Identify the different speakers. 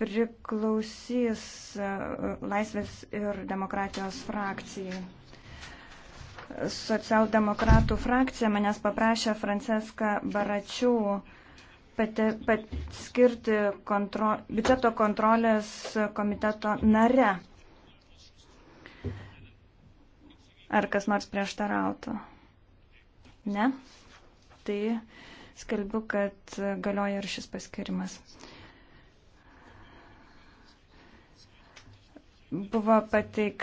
Speaker 1: priklausys e, Laisvės ir demokratijos frakcijai. Socialdemokratų frakcija manęs paprašė Franceską Baračių paskirti kontro, biudžeto kontrolės komiteto nare. Ar kas nors prieštarautų? Ne. Tai skelbiu, kad galioja ir šis paskirimas. Buvo pateikta.